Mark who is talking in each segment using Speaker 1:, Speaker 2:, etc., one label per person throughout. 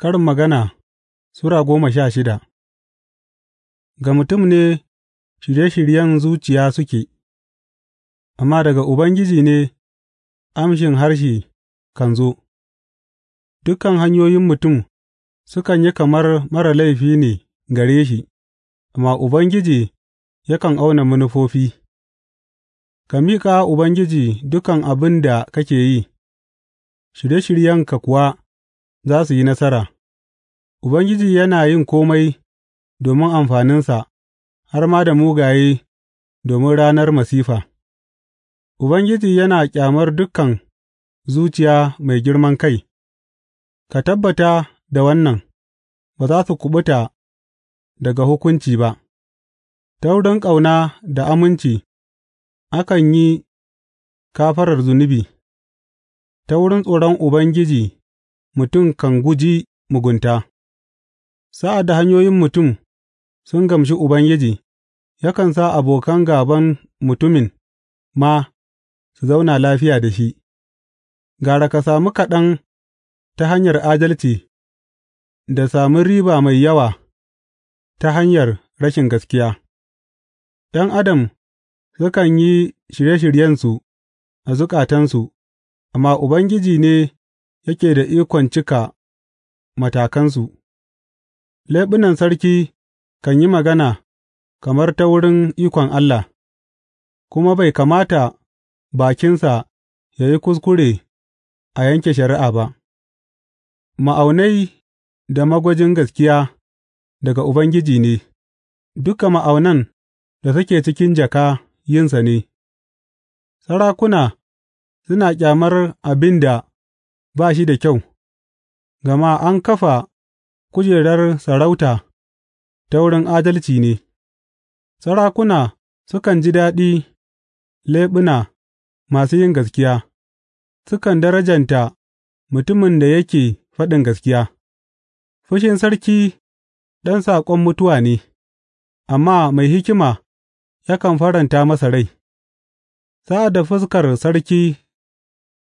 Speaker 1: Karin Magana Sura goma sha shida Ga mutum ne shirye shiryen zuciya suke, amma daga Ubangiji ne amshin harshe kan zo; dukan hanyoyin mutum sukan yi kamar mara laifi ne gare shi, amma Ubangiji yakan auna manufofi Ka miƙa Ubangiji dukan abin da kake yi, shirye shiryenka kuwa. za su yi nasara; Ubangiji yana yin kome domin amfaninsa har ma da mugaye domin ranar masifa; Ubangiji yana ƙyamar dukan zuciya mai girman kai, ka tabbata da wannan, ba za su kuɓuta daga hukunci ba, ta wurin ƙauna da aminci akan yi kafarar zunubi; ta wurin tsoron Ubangiji. mutum kan guji mugunta Sa'ad da hanyoyin mutum sun gamshi Ubangiji, yakan sa abokan gaban mutumin ma su zauna lafiya da shi, gara ka sami kaɗan ta hanyar adalci da sami riba mai yawa ta hanyar rashin gaskiya. ’Yan adam sukan yi shirye shiryensu a zukatansu, amma Ubangiji ne yake da ikon cika matakansu, leɓunan sarki kan yi magana kamar ta wurin ikon Allah, kuma bai kamata bakinsa ya yi kuskure a yanke shari'a ba, ma'aunai da magwajin gaskiya daga Ubangiji ne, duka ma'aunan da suke cikin jaka yinsa ne, sarakuna suna ƙyamar abin da ba shi da kyau, gama an kafa kujerar sarauta ta wurin adalci ne, sarakuna sukan ji daɗi leɓuna masu yin gaskiya, sukan darajanta mutumin da yake faɗin gaskiya, fushin sarki ɗan saƙon mutuwa ne, amma mai hikima yakan faranta masa rai, sa'ad da fuskar sarki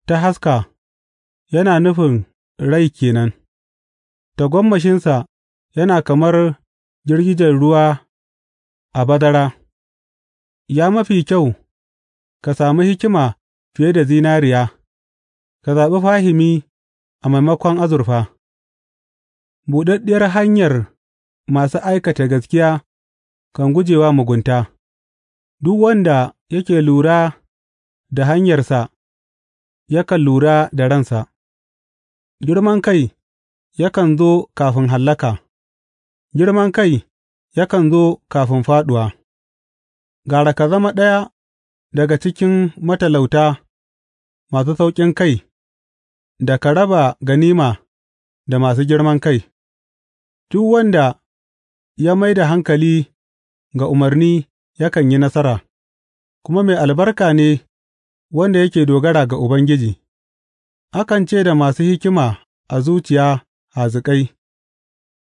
Speaker 1: ta haska. yana nufin rai ke nan, tagomashinsa yana kamar girgijen ruwa a bazara; ya mafi kyau ka sami hikima fiye da zinariya, ka zaɓi fahimi a maimakon azurfa; buɗaɗɗiyar hanyar masu aikata gaskiya kan gujewa mugunta, duk wanda yake lura da hanyarsa yakan lura da ransa. Girman kai yakan zo kafin hallaka, girman kai yakan zo kafin fāɗuwa; gara ka zama ɗaya daga cikin matalauta masu sauƙin kai da ka raba ganima da masu girman kai, duk wanda ya mai da hankali ga umarni yakan yi nasara, kuma mai albarka ne wanda yake dogara ga Ubangiji. Akan ce da masu hikima a zuciya hazikai,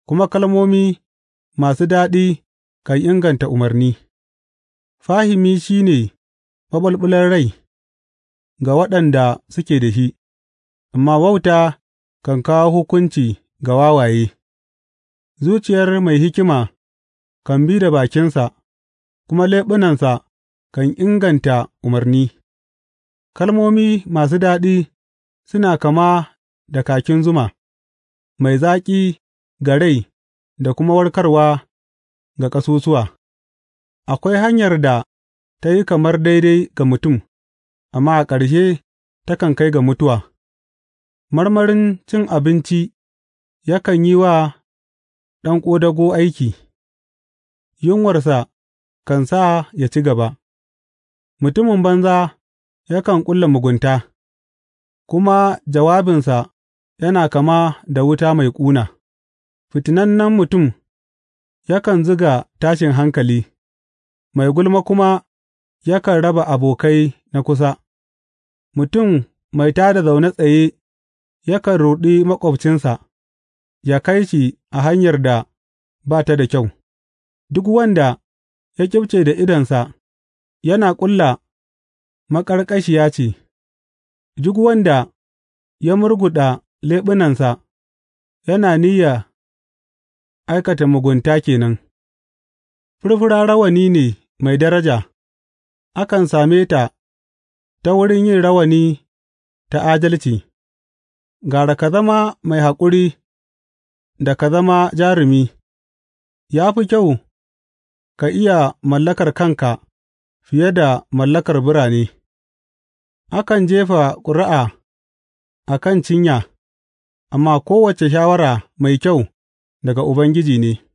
Speaker 1: kuma kalmomi masu daɗi kan inganta umarni; fahimi shi ne maɓulɓular rai ga waɗanda suke da shi, amma wauta kan kawo hukunci ga wawaye; zuciyar mai hikima kan bi da bakinsa, kuma leɓunansa kan inganta umarni; kalmomi masu daɗi. suna kama da kakin zuma, mai zaƙi ga rai da kuma warkarwa ga ƙasusuwa, akwai hanyar da ta yi kamar daidai ga mutum, amma a ƙarshe takan kai ga mutuwa, marmarin cin abinci yakan yi wa ɗan ƙodago aiki, yunwarsa kan sa ya ci gaba, mutumin banza yakan ƙulla mugunta. kuma jawabinsa yana kama da wuta mai ƙuna; fitinannen mutum yakan zuga tashin hankali, mai gulma kuma yakan raba abokai na kusa; mutum mai tā da zaune tsaye yakan ruɗi maƙwabcinsa ya kai shi a hanyar da ba ta da kyau; duk wanda ya ƙyifce da idonsa yana ƙulla maƙarƙashiya ce. Duk wanda ya murguɗa leɓunansa yana niyya aikata mugunta ke nan; furfura rawani ne mai daraja, akan same ta ta wurin yin rawani ta adalci; gara ka zama mai haƙuri da ka zama jarumi, ya fi kyau ka iya mallakar kanka fiye da mallakar birane. Akan jefa ƙuri'a a kan cinya, amma kowace shawara mai kyau daga Ubangiji ne.